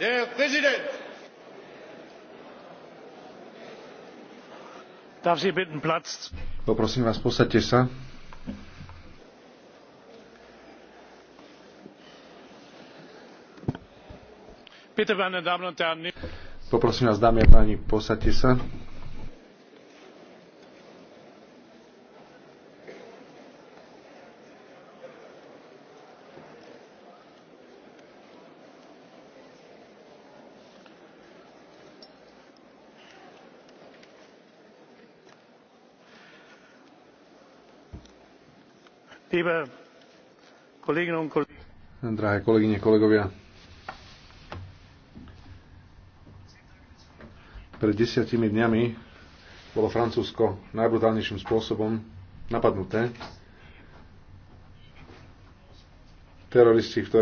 Der Präsident! Darf Sie bitten, Platz? Poprosím vás, posaďte sa. Bitte, meine Damen und Herren. Poprosím vás, dámy a páni, posaďte sa. Drahé kolegyne, kolegovia, pred desiatimi dňami bolo Francúzsko najbrutálnejším spôsobom napadnuté teroristi, ktorí